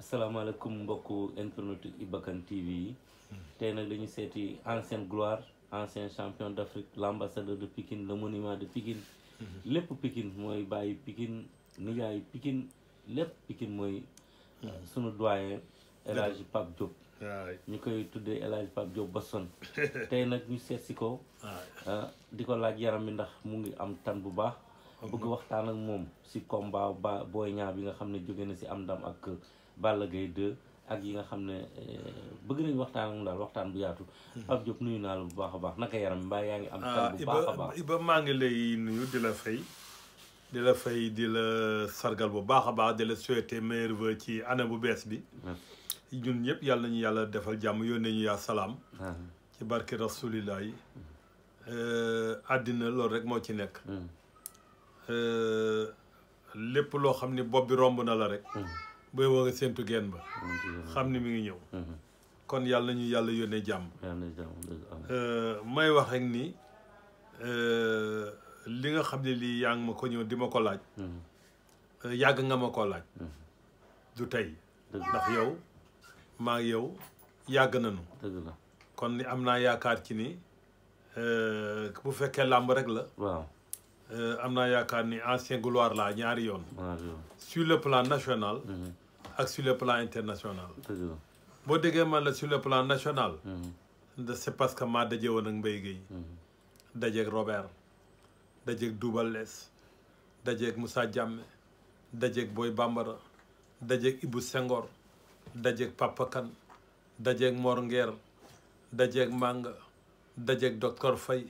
Assalamualaikum mbokku internet Ibakan TV tey nak dañu séti ancien gloire ancien champion d'Afrique l'ambassadeur de Pikine le monument de Pikine lepp Pikine moy baye Pikine nigaay Pikine lepp Pikine moy euh, sunu doyen elage pap Diop ñu koy tuddé elage pap Diop Boston tey nak ñu sét ci ko euh, diko laaj yaram mi ndax mu ngi am tan bu baax bëgg waxtaan ak mom si combat Boy ñaar bi nga xamné jogé na ci am ndam ak Balla Gaye 2 ak yi nga xam ne eh, bëgg nañ waxtaan mu daal waxtaan bu yaatu hmm. ak Diop nuyu naa la bu baax a baax naka yaram mbaa yaa ngi am tan bu ah, baax a baax Iba maa ngi lay nuyu di la fay di la fay di la sargal bu baax a baax di la souhaiter meilleurs vœux ci année bu bees bi ñun ñëpp yàlla nañu yàlla defal jàmm yónnee ñu yaa salaam ci barke rasulillah yi eh, àddina loolu rek moo ci nekk hmm. eh, lépp loo xam ni bopp bi romb na la rek hmm. booy woo nga gen geen ba xam ni mi ngi ñëw mhm. kon yàlla nañu yàlla yónnee jàmm euh, may wax rek ni euh, li nga xam ne lii yaa ngi ma ko ñëw di ma ko laaj mhm. euh, yàgg nga ma ko laaj mhm. du tey ndax yow maa ngi yow yàgg nañu kon ni am naa yaakaar ci ni bu fekkee làmb rek la am naa yaakaar ni ancien gloire laa ñaari yoon sur le plan national ak sur le plan international boo déggee man la sur le plan national mm-hmm. c'est parce que maa daje woon ak Mbaye Guèye mm-hmm. dajeeg Robert dajeeg Double Less dajeeg Moussa Diame dajeeg Boy Bambara dajeeg Ibou Senghor dajeeg Papa Kane dajeeg Mor Nguer dajeeg Manga dajeeg Docteur Faye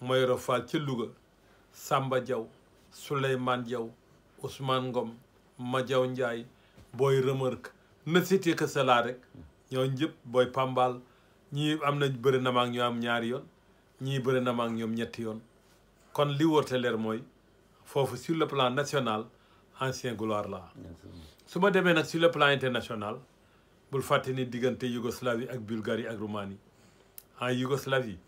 Mayoro Fall ci Louga Samba Diaw Souleymane Diaw Ousmane Ngom Madiaw booy remarque na cité que cela rek ñoo ñëpp booy pambal ñii am na bëri na ma ak am ñaari yoon ñii bëri namaak ñoom ñetti yoon kon li wóor leer mooy foofu sur le plan national ancien gloire la su ma demee nag sur le plan international bul fàtte ni diggante Yougoslavie ak Bulgarie ak Roumanie en Yougoslavie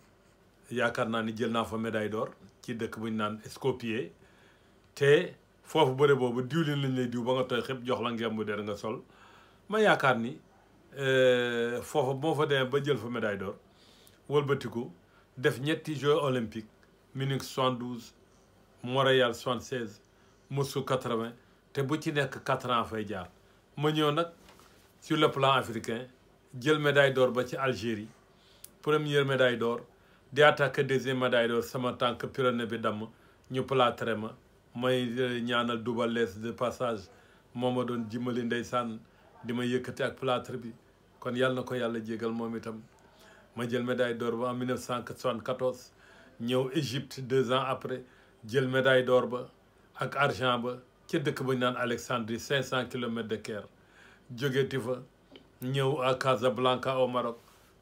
yaakaar naa ni jël naa fa médaille d'or ci dëkk bu naan Skopje te foofu bëre boobu diwlin lañ lay diw ba nga tooy xëpp jox la ngemb der nga sol ma yaakaar ni euh, foofa boo fa demee ba jël fa médaille d'or wëlbatiku def ñetti Jeux olympiques Munich 72 Montréal 76 quatre 80 te bu ci nekk 4 ans fay jaar ma ñëw nag sur le plan africain jël médaille d'or ba ci Algérie première médaille d'or di attaqué deuxième médaille d'or sama tànk pironé bi damm ñu plâtré ma may eh, ñaanal Double Less de passage moo ma doon jimali ndeysaan di ma yëkkati ak plâtre bi kon yàlla na ko yàlla jégal moom itam ma jël médaille d'or ba en 1974 ñëw Égypte deux ans après jël médaille d'or ba ak argent ba ca dëkk ba ñu naan Alexandrie cinq cent kilomètres de Caire jógeti fa ñëw ak Casablanca au Maroc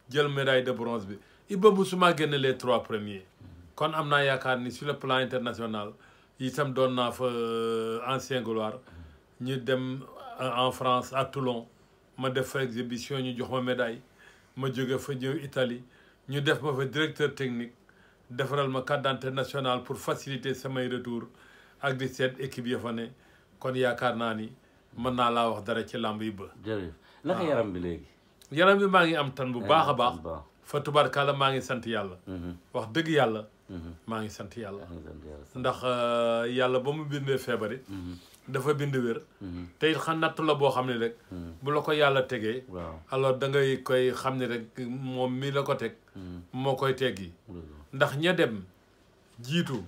jël médaille de bronze bi su Moussuma génne les trois premiers kon am naa yaakaar ni sur le plan international itam doon naa fa euh, ancien gloire ñu dem euh, en France à Toulon ma def fa exhibition ñu jox ma médaille ma jóge fa ñëw Italie ñu def ma fa directeur technique defaral ma carte nationale pour faciliter samay retour ak di seet équipe ya fa ne kon yaakaar naa ni mën naa laa wax dara ci làmb yi ba. jërëjëf naka yaram bi léegi. yaram bi maa ngi am tan bu baax a baax. fa tubaarkalla maa ngi sant yàlla. Mhm. wax dëgg yàlla. Mm-hmm. maa ngi sant yàlla ndax euh, yàlla ba mu bindee feebar mm-hmm. dafa bind wér mm-hmm. tey it nattu la boo xam ne rek bu la ko yàlla tegee alors da ngay koy xam ne rek moom mi la ko teg moo koy teggi ndax ña dem jiitu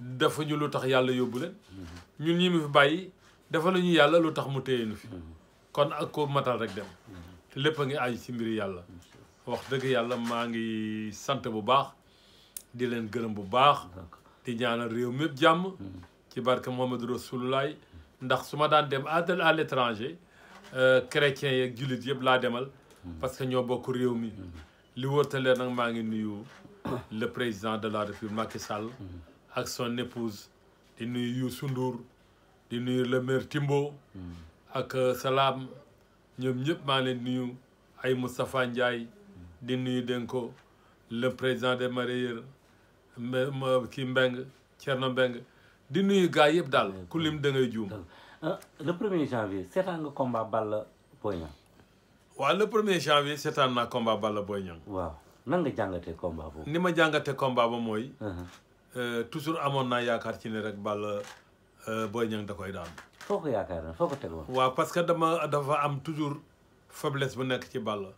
dafa ñu lu tax yàlla yóbbu leen ñun ñi mu fi bàyyi dafa la yàlla lu tax mu téye nu fi kon ak ko matal rek dem lépp a ngi aaj ci mbiri yàlla wax dëgg yàlla maa ngi sant bu baax di leen gërëm bu baax di ñaanal réew mépp jàmm hmm. ci barke Mohamed Rasulullah ndax su ma daan dem à l'étranger euh, chrétiens yeeg jullit yëpp laa demal hmm. parce que ñoo bokk réew mi hmm. li wërtalee nag maa ngi nuyu le président de la République Macky Sall ak son épouse di nuyu Youssou Ndour di nuyu le maire Timbo ak euh, Salam ñoom ñëpp maa leen nuyu ay Moustapha Ndiaye di nuyu dénk le président des mareyeurs kii Mbeng Thierno Mbeng di nuyu gars yëpp daal ku lim da ngay juum. Euh, le premier janvier seetaan nga combat Balla booy Niang. waaw le premier janvier seetaan naa combat Balla Boy Niang. waaw nan nga jàngatee combat boobu. ni ma jàngatee combat ba mooy. Uh-huh. Euh, toujours amoon naa yaakaar ci ne rek Balla euh, Boy Niang da koy daan. foo ko yaakaar foo ko tegoon. waaw parce que dama dafa am toujours faiblesse bu nekk ci Balla.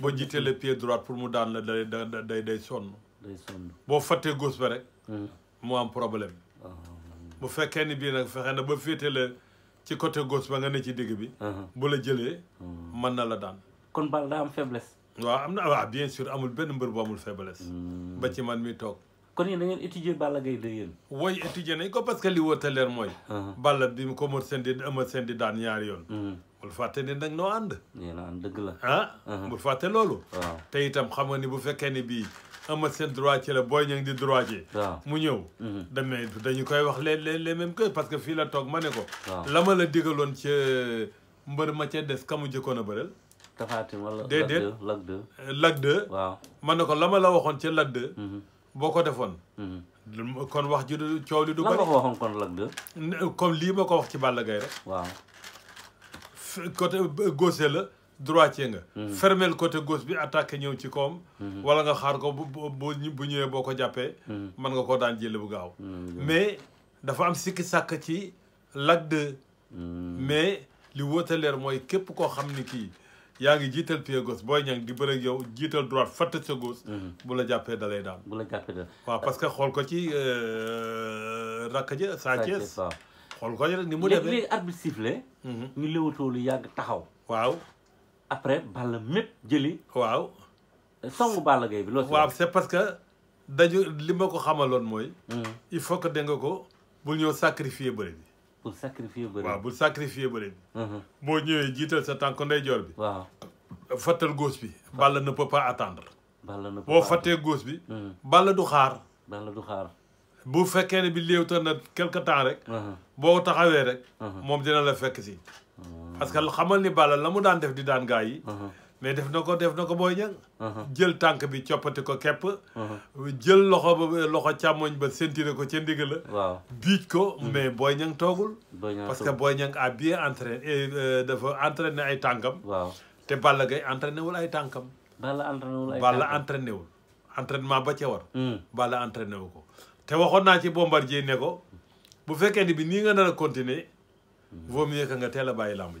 boo jiitee le pied droit pour mu daan la day day sonn. day boo fàttee gos ba rek. Hmm. mu am problème. Ah, bu fekkee ni bii nag fexe na ba féete la ci côté gos ba nga ne ci digg bi. Ah. bu la jëlee. Ah. man na la daan. kon bal daa am faiblesse. waaw am na waaw bien sûr amul benn mbër bu amul faiblesse. Hmm. ba ci man mi toog. kon yéen na ngeen étudier Balla Gaye de yéen. woy étudier nañ ko parce que li wóote leer mooy. Balla bi mu ko mën seen di amal seen di daan ñaar yoon. Hmm. bul fàtte ni nag noo ànd. yéen ànd la. ah bul fàtte loolu. te itam xam nga ama seen droitier la booy ñangi di droitier mu ñëw mhm. damay dañu koy wax les les les mêmes que parce que fii la toog ma ne ko la ma la digaloon ca euh, mbër ma ca des kamu jëkkoon a bëreel tafaatim wala déedéet lag de de waaw ma ne ko la la waxoon ci lag de mhm. boo ko defoon mhm. kon wax ji du coow li du bari comme lii ma ko wax ci Balla Gaye rek waaw côté gauche la droitier nga. Mhm. fermel côté gos bi attaqué ñëw ci koom. Mhm. wala nga xaar ko bu bu ñëwee boo ko jàppee. man mhm. nga koo daan jël bu gaaw. mais dafa am sikki sàkk ci Lac 2. mais li wóote leer mooy képp koo xam ni kii yaa ngi jiital pied booy ñang di bëre ak yow jiital droite fatt sa gauche. bu la jàppee dalay lay daan. bu la waaw parce que xool ko ci euh, rakk ja Sa xool ko ci rek ni mu defee léegi arbitre sifflé. ñu léwatoo lu yàgg taxaw waaw. après Balla mépp jëli. waaw. songu Balla Gaye bi loo si. waaw c'est parce que dañu li ma ko xamaloon mooy. Hmm. il faut que dégg ko bul ñëw sacrifier bëri bi. bul sacrifier bëri bi waaw bul sacrifier bëri bi. Hmm. boo ñëwee jiital sa tànk ndeyjoor bi. waaw fattal gauche bi. Balla na peut par attendre. Balla ne peut pas boo fattee gauche bi. Hmm. Balla du xaar. Balla du xaar. bu fekkee ne bi léew ta na quelque temps rek. boo taxawee rek. moom dina la fekk si. parce que xamal ni Balla la mu daan def di daan gaa yi. Uh-huh. mais def na ko def na ko booy ñang uh-huh. jël tànk bi coppati ko kepp uh-huh. jël loxo ba loxo càmmoñ ba sentiré ko ca ndigg la waaw biij ko mm-hmm. mais booy ñang toogul parce que booy ñang a bien entraîné euh, dafa entraîné ay tànkam waaw te Balla Gaye entraîné ay tànkam Balla entraîné wul ay ba ca war mm. Balla entraîné wu ko te waxoon naa ci Bombardier ne ko bu fekkee ni bi nii nga nar a continuer mm-hmm. vaut mieux nga teel a bàyyi làmb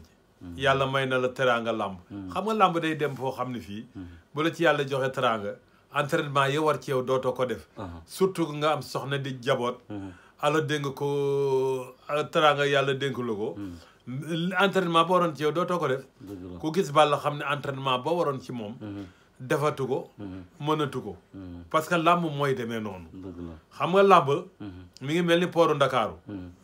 yàlla may na la teraanga làmb hmm. xam nga làmb day dem foo xam ne fii hmm. bu la ci yàlla joxe teraanga entraînement yi war ci yow dootoo ko def uh-huh. surtout nga am soxna di jaboot hmm. ala dénk ko teraanga yàlla dénk la ko entraînement ba waroon ci yow dootoo ko def ku gis bàlla xam ne entraînement ba waroon ci moom defatu ko mënatu ko parce que làmb mooy demee noonu xam nga làmb mu ngi mel ni pooru Ndakaaru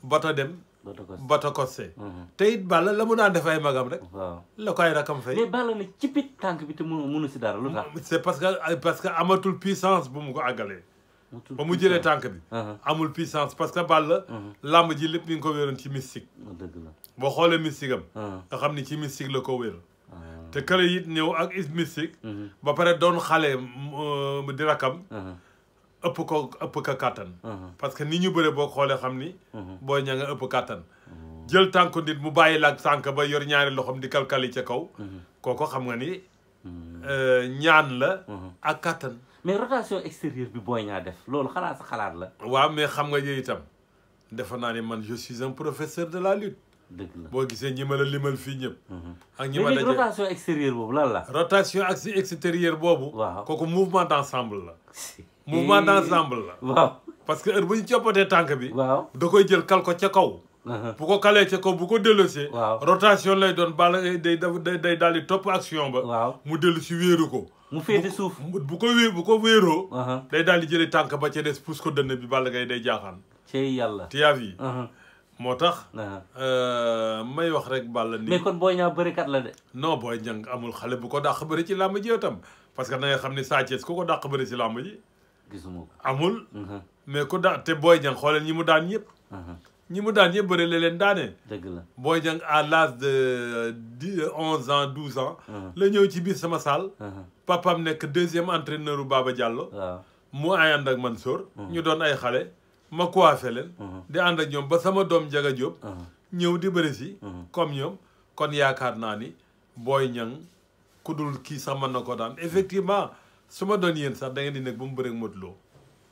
bata dem Botokose mhm. te it Balla la mu daan def ay magam rek. waaw la ko ay rakam fay. mais Balla na ci tànk bi te mënu mënu si dara lu tax. c'est parce que parce que amatul puissance bu mu ko àggalee. ba mu jëlee tànk bi. Mhm. amul puissance parce que Balla. Mhm. làmb ji lépp mi ngi ko wéeroon ci mystique. Oh, dëgg la boo xoolee mystique nga xam ni ci mystique la ko wéeroon. Ah. te kële it ñëw ak mystique. ba pare doon xale euh, di rakam. ëpp ko ëpp ka kàttan uh-huh. parce que ni ñu bëre boo xoolee xam ni uh-huh. booy ña nga ëpp kàttan uh-huh. jël tànku nit mu bàyyi laak sànk ba yor ñaari loxoom di kalkali ca kaw kooko xam nga ni euh, ñaan la ak kàttan mais rotation extérieure bi booy ñaa def loolu xanaa sa xalaat la waaw mais xam nga yooyu itam defe naa ni man je suis un professeur de la lutte dëgg la boo gisee ñi ma la limal fii ñëpp ak ñi ma la rotation extérieure boobu lan la rotation extérieure boobu waaw kooku mouvement d'ensemble la mouvement d'ensemble la. waaw parce que heure bu ñu coppatee tànk bi. waaw da koy jël kal ko ca kaw. Uh-huh. bu ko kalee ca kaw bu ko delloosee. waaw rotation lay doon bala day day day daal di topp action ba. waaw mu dellu si wéeru ko. mu féete suuf bu ko wé bu ko wéeroo. Uh-huh. day daal di jëlee tànk ba ca des pousse ko dënn bi Balla Gaye day jaaxaan. cey yàlla tiyaaf yi. Uh-huh. moo tax. Euh, may wax rek Balla nii. mais kon Boy Niang bërikat la de. non Boy Niang amul xale bu ko dàq bëri ci làmb ji parce que da xam ne Sa Thiès gisuma ko amul. Mhm. mais ku daan te Boy Niang xoolal ñi mu daan yëpp. Mhm. ñi mu daan yëpp bëri la leen daane. dëgg la Boy Niang à l'âge de dix onze ans douze ans. Mhm. la ñëw ci biir sama salle. papaam nekk deuxième entraîneur u Baba Diallo. mu ay ànd ak Mansour. ñu doon ay xale ma coiffé leen. di ànd ak ñoom ba sama doom Jaga Diop. ñëw di bëri si. comme ñoom kon yaakaar naa ni Boy Niang ku dul kii sax mën na ko daan effectivement. su ma doon yéen sax da ngeen di nekk ba mu bëreeg Modou Lo.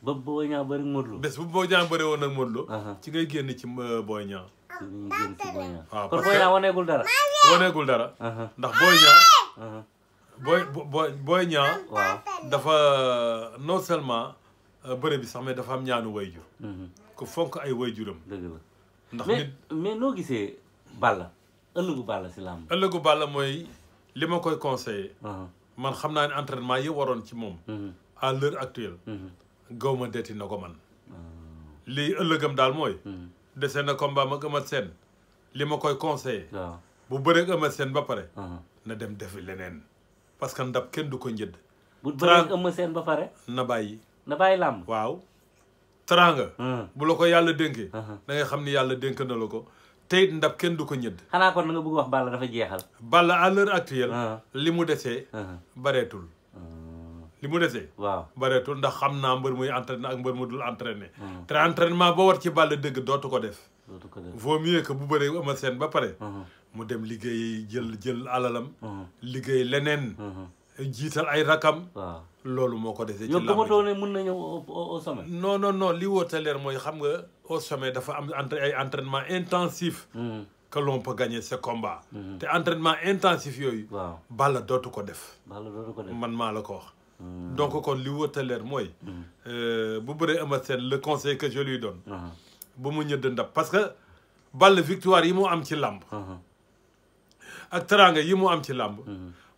ba Boy Niang bëreeg Modou Lo. bés bu Boy Niang bëree woon ak Modou Lo. ci ngay génn ci euh, Boy Niang. ci ngay génn ci Boy Niang. waaw ah, parce que kon Boy Niang waneegul dara. waneegul dara. ndax Boy Niang. Boy Boy Boy Niang. waaw dafa euh, non seulement euh, bëre bi sax mais dafa am ñaanu wayjur. Mhm. ku fonk ay wayjuram. dëgg la ndax nit mais noo gisee Balla ëllëgu Balla si làmb. ëllëgu Balla mooy li ma koy conseillé. man xam naa ne entraînement yi waroon ci moom. Mm-hmm. à l'heure actuelle. Mm-hmm. gaw ma detti na ko man. Mm-hmm. lii ëllëgam daal mooy. dese na combat ma Eumeu Sène li ma koy conseillé. bu bëreeg Eumeu Sène ba pare. Uh-huh. na dem defi leneen. parce que ndab kenn du ko njëdd. bu bëreeg Eumeu Sène ba pare. na bàyyi. na bàyyi làmb waaw. teraanga. Uh-huh. bu la ko yàlla dénkee. da uh-huh. xam ni yàlla dénk na la ko. tey ndax kenn du ko ñëdd. xanaa kon nga bëgg wax Balla dafa jeexal. Balla à l'heure actuelle. Ah. li mu desee. Ah. bareetul. Ah. li mu desee. waaw bareetul ndax xam naa mbër muy entraîné ak mbër mu dul entraîné. te entraînement ba war ci Balla dëgg dootu ko def. dootu ko def vaut mieux que bu bëree ama seen ba pare. mu dem liggéey jël jël alalam. liggéey leneen. jiital ay rakam. waaw loolu moko déssé ci làmb gëmatoo ne mun na ñëw au sommet. non non non li wóor te leer xam nga au sommet dafa am entre ay entraînement intensif. Hmm. que l'on peut gagner ce combat. Hmm. té entraînement intensif yoy waaw Balla dootu ko def. Balla ko def man maa la ko wax. Hmm. donc kon li wóor te leer mooy. Euh, bu bëree Eumeu Sène le conseil que je lui donne. Ah. bu mu ñëdd ndap parce que balle victoire yi mu am ci làmb. Ah. ak teranga yi mu am ci làmb.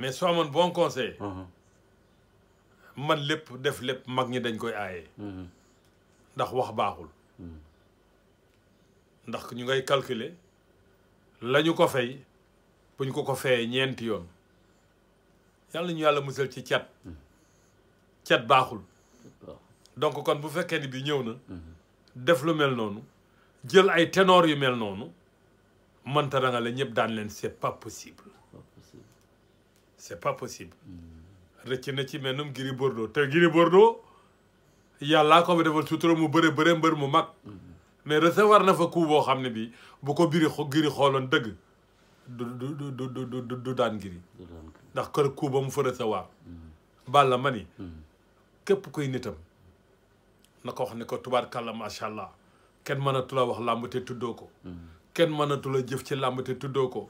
mais soit mon bon conseil. Mhm. man lepp def lepp mag ñi dañ koy aaye. Mhm. ndax wax baaxul. Mhm. ndax ñu ngay calculer lañu ko fay buñ ko ko ñent yoon yalla ñu yalla mussel ci chat baaxul. donc kon bu fekkee ni bi ñëw na. mel jël ay yu mel c'est pas possible. c'est pas possible rëcc na ci mel noonu Gris Bordeaux te Gris Bordeaux yàllaa ko fa defal sutura mu bëre bëre mbër mu mag mais recevoir na fa coup boo xam ne bi bu ko biri Gris xooloon dëgg du du du daan Gris ndax kër coup ba mu fa recevoir Balla ma ni mm. képp koy nitam na ko wax ne ko kàlla macha allah kenn mënatula wax làmb te tuddoo ko mm. kenn mënatu jëf ci làmb te tuddoo ko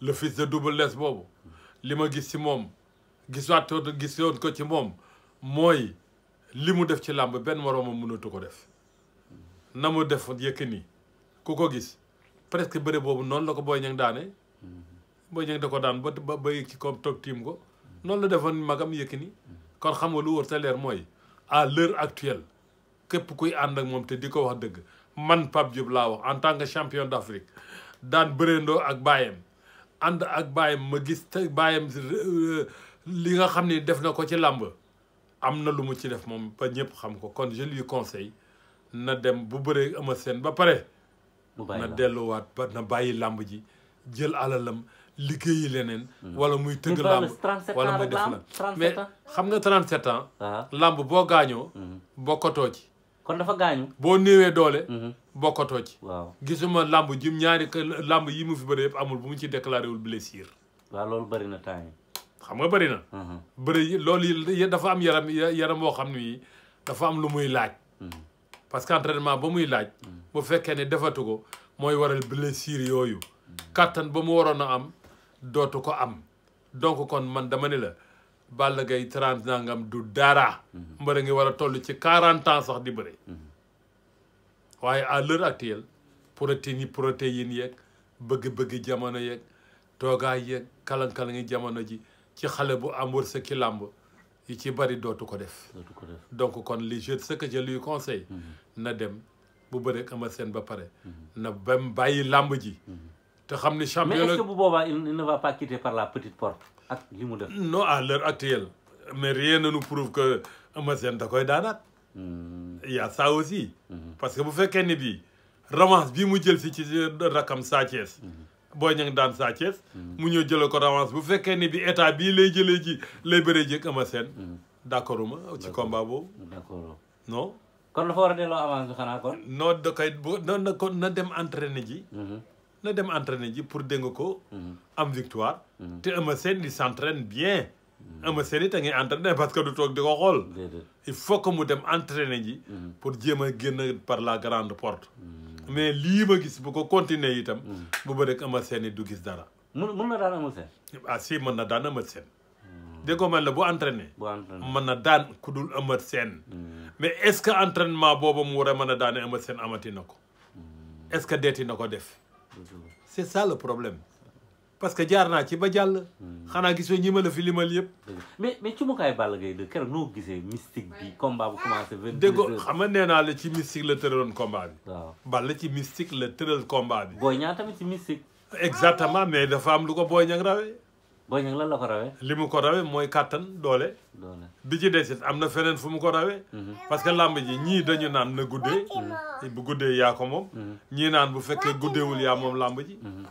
le fils de Double boobu mm. li ma gis ci moom gis gisaat gisoon ko ci moom mooy li mu def ci làmb benn moroomam mënatu ko def na mu def ni ku ko gis presque bëre boobu noonu la ko booy Niang daane Boy Niang da ko daan ba ba yëg ci ko toog tiim ko noonu la defoon magam ni kon xam nga lu wër sa leer mooy à l'heure actuelle képp kuy ànd ak moom te di ko wax dëgg man Pape Diop laa wax en tant que champion d'Afrique daan bëreendoo ak baayam ànd ak baayam ma gis te baayam euh, li nga xam ni def na ko ci làmb am na lu mu ci def moom ba ñëpp xam ko kon je lui conseille na dem bu bëree ama Sène ba pare na delluwaat ba na bàyyi làmb ji jël alalam liggéeyi leneen hmm. wala muy tëgg làmb wala muy def la mais xam nga 37 ans ah. làmb boo gaañoo hmm. bokkatoo ci kon dafa gaañu boo néewee doole hmm. bokkatoo ci. waaw gisuma làmb jim ñaari làmb yi mu fi bëri yëpp amul bu mu ci déclaré wul blessure. waaw loolu bëri na temps xam nga uh-huh. bëri na. bëri loolu yi dafa am yaram yaram woo xam ni dafa am lu muy laaj. Uh-huh. parce que entraînement ba muy laaj. Uh-huh. bu fekkee ne defatu ko mooy waral blessure yooyu. kàttan ba mu waroon a am dootu ko am donc kon man dama ne la Balla Gaye 30 nangam du dara. mbër a ngi war a toll ci 40 ans sax di bëri. waaye à l'heure actuelle protéines yi protéines yeeg bëgg-bëgg jamono yeeg toogaay yeeg kalan-kalangi jamono ji ci xale bu am wërsëg ci làmb yi ci bari dootu ko def donc kon li je ce que je mhm. na dem bu bëree ama seen ba pare mhm. na bam bàyyi làmb ji mhm. te xam ni champion mais est-ce bu boobaa il ne va pas quitter par la petite porte ak li mu def no à l'heure actuelle mais rien ne nous prouve que ama seen da koy daanaat Mm-hmm. il y a ça aussi. Mm-hmm. parce que vous faites Kennedy bi romance bii mu jël si rakam Sa mm-hmm. Boy Niang daan Sa Thiès. mu ko bu ne état lay ji lay ci combat non. kon a delloo avance Non? kon. non da non na Non, na dem ji. na dem entraîné pour ko. am victoire. s'entraîne bien ama seen it a ngi entraîné parce que du toog di ko xool. il faut que mu dem entraîné ji. Mm-hmm. pour jéem a génn par la grande porte. Mm-hmm. mais lii ma gis bu ko continuer itam. Mm-hmm. bu ba rek ama seen du gis dara. mën na daan ama seen. ah si mën na daan ama seen. dégg nga man la bu entraîné. bu entraîné mën na daan ku dul ama seen. mais est ce que entraînement boobu mu war a mën a daane ama seen amati na ko. est ce que deeti na ko def. c' est ça le problème. parce que jaar naa ci ba jàll. Hmm. xanaa gisoo ñi ma la fi limal yëpp. mais mais ci mukaay Balla Gaye de keroog noo gisee mystique bi combat bu commencé. vingt deux déggoo xam nga nee naa la ci mystique la tëraloon combat bi. waaw Balla ci mystique la tëral combat bi. Boy Niang tamit ci mystique. exactement mais dafa am lu ko Boy Niang rawee. Boy Niang lan la ko rawee. li mu ko rawee mooy kàttan doole. doole bi ci desit am na feneen fu mu ko rawee. Mhm. parce que làmb ji ñii dañu naan na guddee. Mmh. Mmh. bu guddee yaa ko moom. Mhm. naan bu fekkee guddeewul yaa moom làmb ji. Mhm.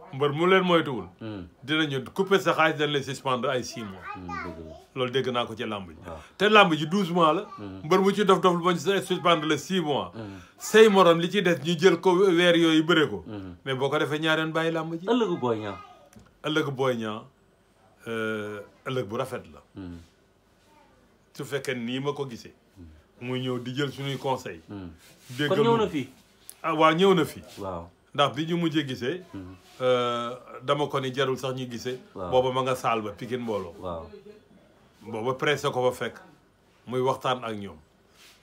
But mu leen moytuwul. Hmm. dinañu couper sa xaalis dañ lay suspendre ay 6 mois. Hmm, loolu dégg naa ko ci ji. Ah. te ji 12 mois la. Hmm. mu mois. say morom li ci des ñu ko mais boo ko defee bàyyi ji. ëllëgu booy ñaa. ëllëgu booy ñaa euh, ëllëg bu la. ma ko ah ndax bi ñu mujjee gisee. Mhm. Euh, dama ko ni jarul sax ñu gisee. booba ma nga saal ba Pikine mbooloo. waaw booba pressé ko fa fekk muy waxtaan ak ñoom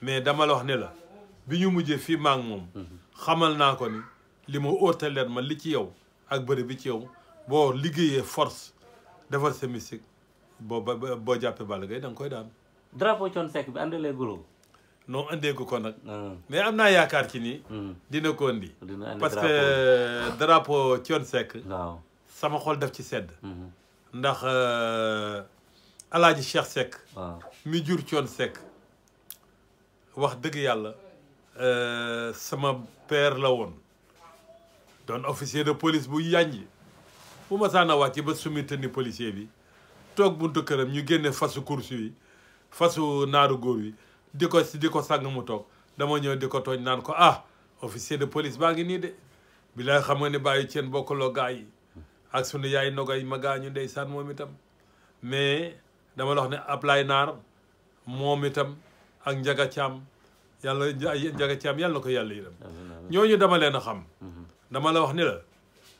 mais dama la wax ne la bi ñu mujjee fii maa moom. Mhm. xamal naa ko ni li ma oote leen ma li ci yow ak bëri bi ci yow boo liggéeyee force defar sa mystique boo ba boo jàppee Balla Gaye danga koy daan. drapeau Thione Seck bi àndalee golo. non andeegu ko nag. Ah. mais am naa yaakaar ci ni. Hmm. dina ko andi. parce que drapeau Thione Seck. waaw sama xol def ci sedd. Hmm. ndax euh, alaaji Cheikh Seck. mi jur Thione Seck. wax dëgg yàlla euh, sama père la woon doon officier de police bu yànji bu ma saan a wàcc ba sumi tënni policier bi toog buntu këram ñu génne fasu course yi fasu naaru góor yi di ko si di ko sàng mu toog dama ñëw di ko tooñ naan ko ah officier de police baa ngi nii de bilaay xam nga ni bàyyi ceen bokkaloo gaa yi ak sunu yaay nogay ma gaañu ndeysaan moom itam mais dama wax ne Ablaye Naar moom itam ak Njaga Caam yàlla Njaga Caam yàlla na ko yàlla yërëm ñooñu dama leen a xam mhm. dama la wax ni la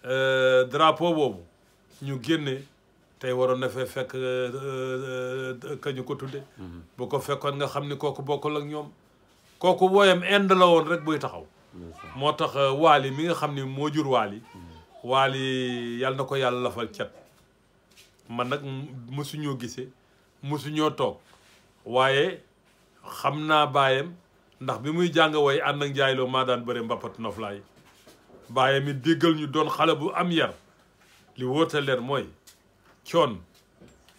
euh, drapeau boobu ñu génne tey waroon na fee fekk euh, euh, kañu ko tudde mhm. bu ko fekkoon nga xam ni kooku bokkul ak ñoom kooku wooyam ind la woon rek buy taxaw moo tax euh, waali mi nga xam ni moo jur waali mhm. waali yàlla na ko yàlla lafal cet man nag mosuñoo gisee mosuñoo toog waaye xam naa baayam ndax bi muy jàng woy ànd ak njaayloo maa daan bëri mbappat noflaay baayam it déggal ñu doon xale bu am yar li wóote leer mooy coon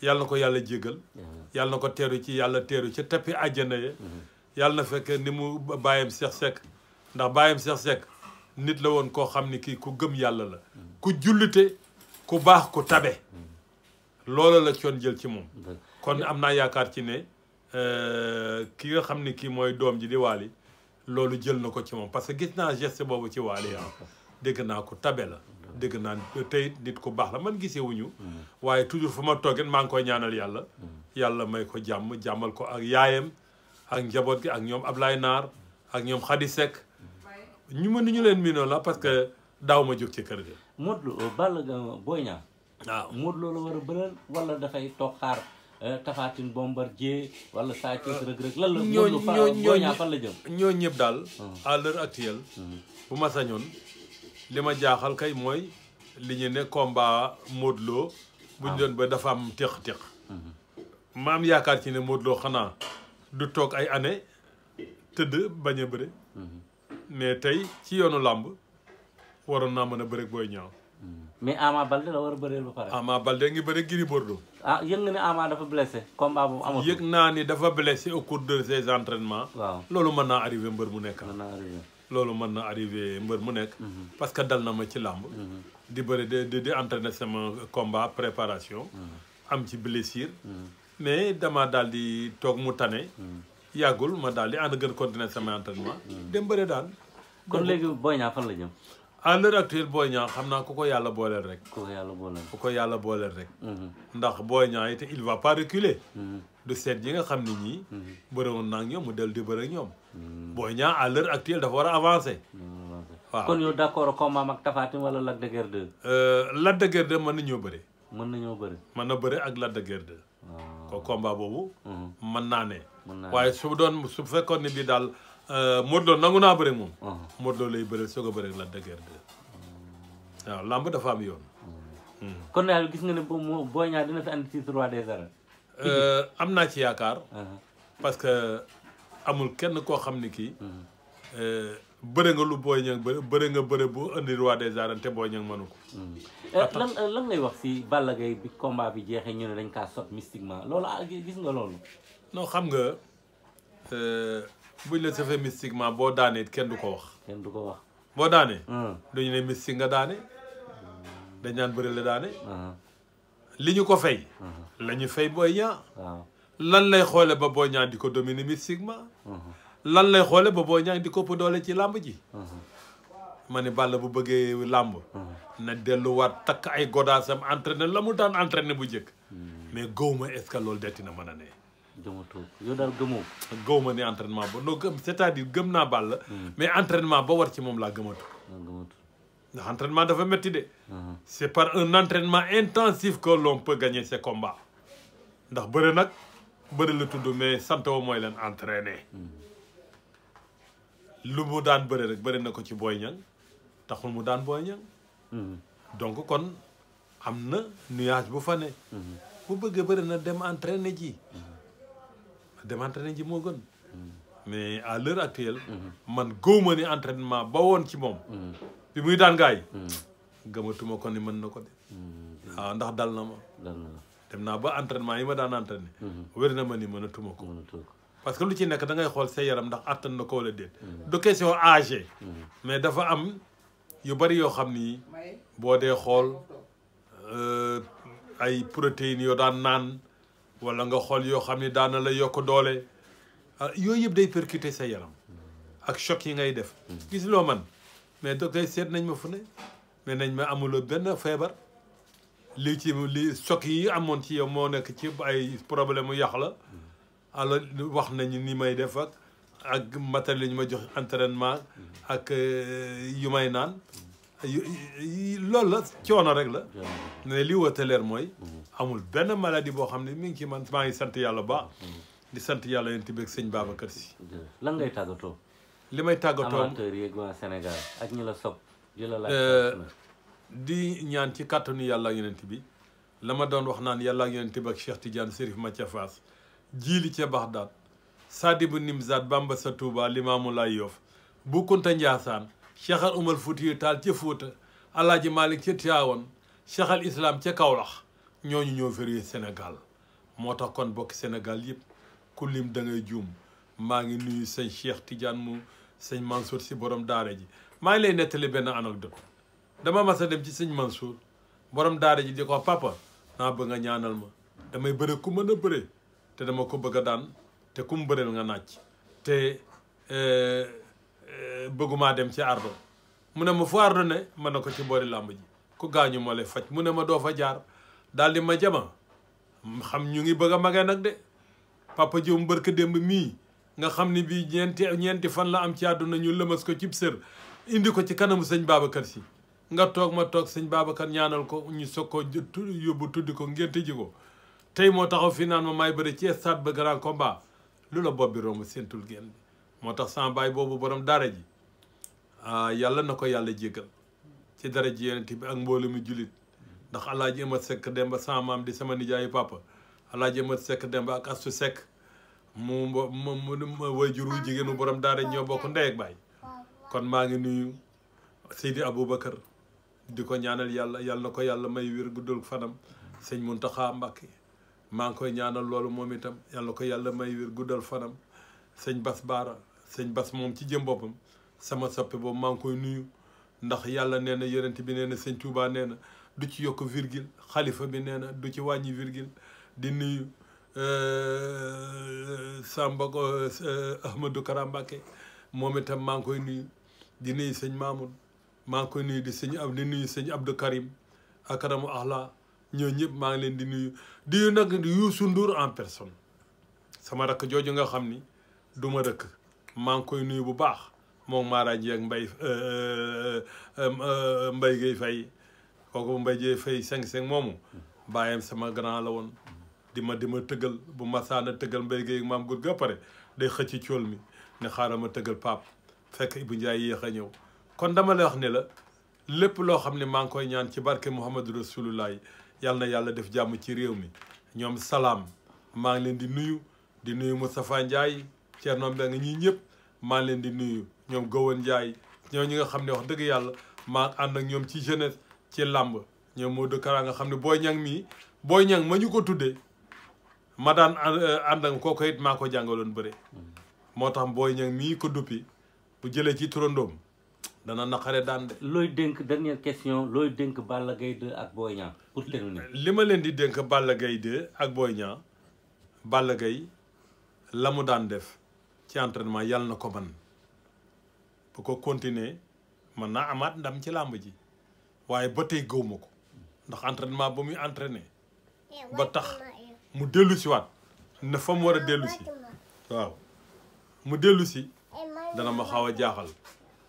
yàlla na ko yàlla jégal mhm. yàlla na ko teeru ci yàlla teeru ci tappi àjjana ye mhm. yàlla na fekk ni mu bàyyam Seex Sekk ndax bàyyam Seex Sekk nit la woon koo xam ni kii ku gëm yàlla la mhm. ku jullite ku baax ku tabe loola la coon jël ci moom kon am naa yaakaar ci ne euh, ki nga xam ni kii mooy doom ji di waali loolu jël na ko ci moom parce que gis naa geste boobu ci waali ah. yaa dégg naa ko tabe la dégg naa tey nit ku baax la man gisee wuñu waaye toujours fu ma toogee maa ngi koy ñaanal yàlla yàlla may ko jàmm jàmmal ko ak yaayam ak njaboot gi ak ñoom Ablaye Naar ak ñoom Khady Seck ñu mën ni ñu leen miinoo la parce que daaw ma jóg ci kër gi Modou Lo euh, Balla Gaye Boy Niang waaw Modou Lo la war a bëreel wala dafay toog xaar euh, Tafatine Bombardier wala Sa Thiès Reug Reug lan la ñoo ñoo ñëpp daal ah. à l'heure actuelle mm-hmm. bu ma sañoon li ma jaaxal kay mooy li ñu ne combat Modou Lo buñ ah. doon ba dafa am téq-téq ma am yaakaar ci ne Modou xanaa du toog ay année tëdd bañ a bëre mhm. mais tey ci yoonu làmb waroon naa mën a bëre Boy Niang mhm. mais Ama Baldé la war a bëreel ba pare. Ama Baldé ngi bëre Gris Bordeaux. ah yëg nga ne Ama dafa blessé. combat boobu amatul yëg naa ni dafa blessé au cours de ses entraînements. loolu mën naa arrivé mbër mu nekk. mën naa loolu man na arrivé mbeur mu nek mhm. parce que dal na ma ci lamb mhm. di beure di di entraîner sama combat préparation. Mhm. am ci blessure. mais dama dal di tok mu tané yagul ma dal di ànd gën continuer sama entraînement. dem beure dal kon légui Boy Niang fan la jëm. à l'heure actuelle Boy Niang xam ku ko yalla booleel rek. ku ko yalla booleel ku ko yàlla booleel rek. ndax Boy Niang it il va pas reculer. de cette yi nga xamni ni beure won naa ñom ñoom mu del di beure ñom Hmm. Boy Niang à l'heure actuelle dafa war a avancé. Hmm. waaw kon yow d' accord combat ak Tapha Tine wala Lac de Guiers 2. Euh, Lac de Guiers mën na ñoo mën nañoo bëre. mën na bëre ak Lac de ah. ko combat boobu. Hmm. mën naa ne. waaye su doon su fekkoon ne bii daal euh, Modou Lo nangu naa bëre moom. Ah. Modou Lo lay bëre soog a bëre ak Lac de waaw lamb dafa am yoon. kon daal gis nga ne Boy Niang dina fi andi ci roi des arènes. Euh, am naa ci yaakaar. Uh-huh. parce amul kenn koo xam ni kii eh, bëre nga lu Boy Niang bëre nga bëre bu indi roi des arènes te Boy Niang mënu ko. Hmm. Eh, lan eh, lan ngay wax si Balla Gaye bi combat bi jeexee ñu ne dañ kaa sot mystiquement loolu ah, gis nga loolu. noo xam nga buñ la safee mystiquement boo daanee kenn du ko wax. kenn du ko wax. boo daanee. Hmm. duñu ne mystique nga daane. dañ naan bëri la daane. Hmm. li ñu ko fay. la ñu fay Boy lan lay xolé ba Boy diko di ko dominer mystiquement lan lay xolé ba Boy Niang di ko doole ci lamb ji ma ne Balla bu bëggee lamb na wat tak ay godaasam entraîné la mu daan entraîné bu njëkk mais gowma est-ce que lol detti na mën a ne gëmatoo yow daal gëmoo ne entraînement ba No gëm c'est-à-dire gëm na Balla mais entraînement ba war ci mom la gëmatu ndax entraînement dafa métti uh-huh. c'est par un entraînement intensif que l'on peut gagner ses combats ndax bëre nag bëri la tudd mais santoo mooy leen entraîner lu mu daan bëri rek bëri na ko ci Boy Niang taxul mu daan Boy Niang donc kon am na nuage bu fane ne bu bëggee bëri na dem entraîner ji dem entraîner ji moo gën mais à l'heure actuelle man gëwma ni entraînement ba woon ci moom bi muy daan gaay gëmatuma ko ni mën na ko de waaw mm. ah, ndax dal na ma dem naa ba entraînement yi ma daan entraîné mhm. wér na ma ni mënatuma ko parce que lu ci nekk da xool sa yaram ndax attan na ko wala déet mhm. du question mhm. mais dafa am yu bari yoo xam ni boo dee xool euh, ay protéines yoo daan naan wala nga xool yoo xam ni daana la yokk doole ah, yooyu yëpp day percuter sa yaram ak choc yi ngay def gis loo man mais docteur seet nañ ma fu ne mais nañ ma amuloo benn feebar li ci li choc yi amoon ci yow moo nekk ci ay problème mu yàq la alors wax nañu ni may def ak ak matériel yi ma jox entraînement ak euh, yu may naan loolu la coono rek la ne li woote mooy mm-hmm. amul benn maladie boo xam ne mi ngi ci man maa ngi sant yàlla baax mm-hmm. di sant yàlla yéen tamit ak sëñ Babacar Si lan ngay tàggatoo li may tàggatoo amateur la sopp di ñaan ci kàttanu yàlla ak yonent bi la ma doon wax naan yàlla ak yonent bi ak Cheikh Tidiane Serif fas Fass li ca Baxdaad Sadibou Nimzat Bamba sa Touba Limaamu Laay Yoof Bu Kunta Njaasaan Cheikh al Umar Fuutiyu Taal ca Fuuta Alaaji Malik ca Tiwaawan Cheikh al ca Kawlax ñooñu ñoo féree Sénégal moo tax kon bokk Sénégal yëpp ku lim da juum maa ngi nuyu sëñ Cheikh Tidiane mu sëñ Mansour si borom daara ji maa ngi lay nettali benn anecdote dama mas dem ci sëñ Mansour borom daara ji di ko papa naa bëgg nga ñaanal ma damay bëre ku mën a bëre te dama ko bëgg a daan te ku mu bëreel nga naaj te eh, eh, bëggumaa dem ci ardo mu ne ma fu ardo ne mën na ko ci boori làmb ji ku gaañu moo faj mu ne ma doo fa jaar daal di ma jama xam ñu ngi bëgg a magee nag de papa Diop mbërka démb mii nga xam ni bii ñeenti ñeenti fan la am ci àdduna ñu lëmas ko ci sër indi ko ci kanamu sëñ Babacar Si nga tok ma toog sëñ Babacar ñaanal ko ñu soog ko yóbbu tuddi ko ngeen tëji ko tey moo taxaw fi naan ma may bëri ci stade ba grand combat lu la bopp bi gen séentul génn moo tax sama baay boobu borom daara ji ah, yàlla na ko yàlla jéggal ci dara ji yonent bi ak mboolu mu jullit ndax alaaji Amat Seck Demba sama maam di sama nijaayu papa alaaji Amat Seck Demba ak Astu sek mu mu mu wajuru jigéenu borom daara ñoo bokk ndey ak baay kon maa ngi nuyu Abu Bakar, di ko ñaanal yàlla yàlla na ko yàlla may wér guddal fanam sëñ Muntaxa Mbàkke maa ngi koy ñaanal loolu moom itam yàlla ko yàlla may wér guddal fanam sëñ Bas Baara sëñ Bas moom ci jëm boppam sama soppe boobu maa ngi koy nuyu ndax yàlla nee na yonent bi nee na sëñ Tuubaa nee na du ci yokk virgil xalifa bi nee na du ci wàññi virgule di nuyu euh, Samba euh, Ahmadou Kara Mbàkke moom itam maa koy nuyu di nuyu sëñ Mamoun maa ngi koy nuyu di sëñ ab di nuyu sëñ Abdou Karim akaramu ahla ñoo ñëpp maa ngi leen di nuyu di nuyu nag Youssou Ndour en personne sama rakk jooju nga xam ni du ma rëkk maa ngi koy nuyu bu baax moom Mara Dieng ak Mbaye euh, euh, euh, Mbaye Gueye Faye kooku Mbaye Gueye Faye 5-5 moomu bàyyam sama grand la woon di ma di ma tëggal bu masaana tëggal mbay Gueye maam góor ga pare day xëcc cool mi ne xaaral ma tëggal Pape fekk Ibou Ndiaye yéex a ñëw. kon dama lay wax ne la lépp loo xam ne maa ngi koy ñaan ci barke Mouhamadou Rasulullah yal na yàlla def jàmm ci réew mi ñoom salaam maa ngi leen di nuyu di nuyu Moustapha Ndiaye Thierno nga ñii ñëpp maa ngi leen di nuyu ñoom Gowon njaay ñoo ñi nga xam ne wax dëgg yàlla maa ànd ak ñoom ci jeunesse ci làmb ñoom Modou Kara nga xam ne booy Niang mii booy Niang ma ñu ko tuddee ma daan eh, ànd ak kooku it maa ko jàngaloon bëre mm. moo tax Boy Niang ko duppi bu jëlee ci turandoom dana naqare daan looy dénk dernière question looy dénk Balla Gaye 2 ak Boy Niang li ma leen di dénk Balla Gaye 2 ak Boy Niang Balla Gaye la mu daan def ci entraînement yàlla na ko man bu ko continuer man naa amaat ndam ci làmb ji waaye ba tey gëwma ko ndax entraînement ba muy entraîner ba tax mu dellu si waat na fa mu war a dellusi si waaw mu dellu si eh, dana ma xaw a jaaxal.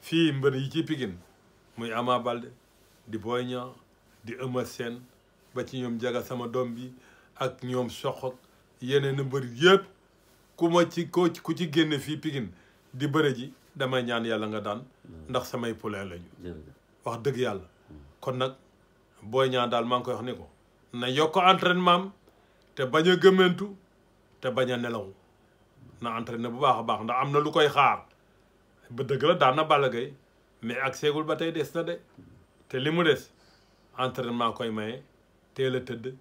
fii mbër yi ci Pikine muy Ama Baldé di Boy Niang di Eumeu seen ba ci ñoom jaga sama doom bi ak ñoom soxok yeneen mbër yëpp ku ma ci ko ku ci génne fii Pikine di bëre ji damay ñaan yàlla nga daan ndax samay poulain lañu wax dëgg yàlla hmm. kon nag Boy Niang daal maa ngi koy wax ni ko na yokk entraînement te bañ a gëmmentu te bañ a nelaw na entraîné bu baax a baax ndax am na lu koy xaar ba dëgg la daan na Balla Gaye mais ak seegul ba tey des na de te li mu des entraînement koy maye teel a tëdd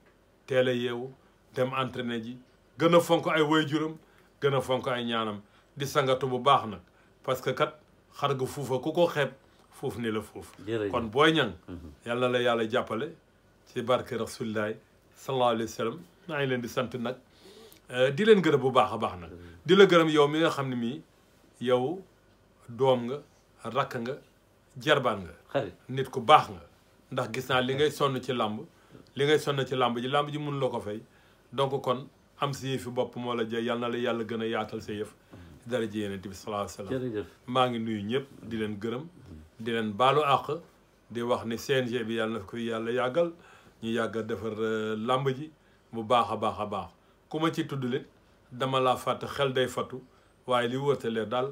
teel a yeewu dem entraîné ji gën a fonk ay waajuram gën a fonk ay ñaanam di sangatu bu baax nag parce que kat xar gu fuufa ku ko xeeb fuuf ni la fuuf kon booy ñang mhm. yàlla la yàlla jàppale ci barke rasulilaay sallallahu alayhi wa sallam ngi leen di sant nag euh, di leen gërëm bu baax a baax nag di la gërëm yow mi nga xam ne mii yow doom nga rakk nga jarbaan nga nit ku baax nga ndax gis naa li ngay sonn ci làmb li ngay sonn ci làmb ji làmb ji mun la ko donc kon am si yëfi bopp moo la jël na la yàlla gën a yaatal sa yëf dara ji yeneen bi sallallahu alayhi wa maa ngi nuyu ñëpp di leen gërëm di leen baalu àq di wax ni CNG bi yàlla na ko yàlla yàggal ñu yàgg a defar euh, làmb ji bu baax a baax a baax ku ma ci tudd lit dama laa fàtt xel day fattu waaye li wërtalee daal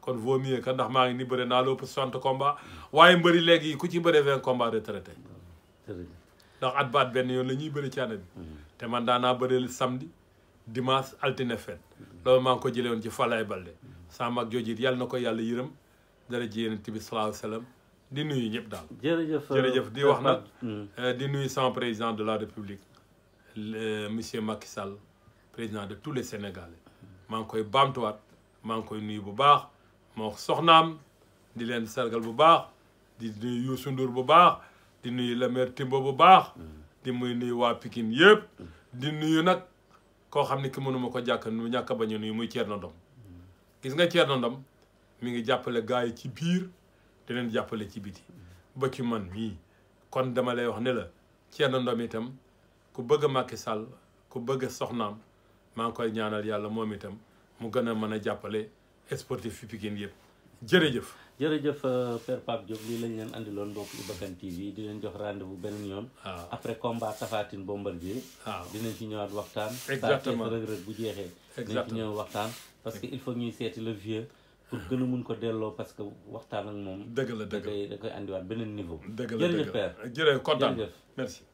kon vaut mieux que ndax maa ngi ni bëri naa combat waaye mbëri léegi ku ci combat retraité ndax at baat benn yoon la ñuy bëri bi mm. te man samedi dimanche altine fête mm. loolu maa ko ci falay Balde sama mag yàlla na ko dara ji salaahu salaam di nuyu ñëpp daal jërëjëf euh, di wax mm. euh, di président de la république euh, monsieur Macky Sall président de tous les sénégalais maa ngi koy baamtuwaat maa ngi koy nuyu bu baax moo soxnaam di leen sargal bu baax di nuyu Youssou Ndour bu baax di nuyu le maire Timbo bu baax di muy nuyu waa pikin yëpp di nuyu nag koo xam ne ki mënuma ko jàkk nu ñàkk bañ a nuyu muy Thierno Ndom gis nga Thierno Ndom mi ngi jàppale gars yi ci biir di leen jàppale ci biti ba ci man mii kon dama lay wax ne la Thierno Ndom itam ku bëgg a Macky ku bëgg a soxnaam maa ngi koy ñaanal yàlla moom itam mu gën a mën a jàppale sportif fi Pikine yëpp jërëjëf. jërëjëf euh, Père Pape Diop lii lañ leen andiloon mbokk Iba Kane TV di leen jox rendez bu beneen yoon. waaw après combat Tapha Tine Bombardier. dinañ ci ñëwaat waxtaan. exactement Sa Thiès Reug bu jeexee. exactement dinañ ci ñëw waxtaan parce que il faut ñuy seeti le vieux. pour gën a mun ko delloo parce que waxtaan ak moom. dëgg la dëgg da koy da beneen niveau. dëgg la dëgg la jërëjëf Père jërëjëf kontaan merci.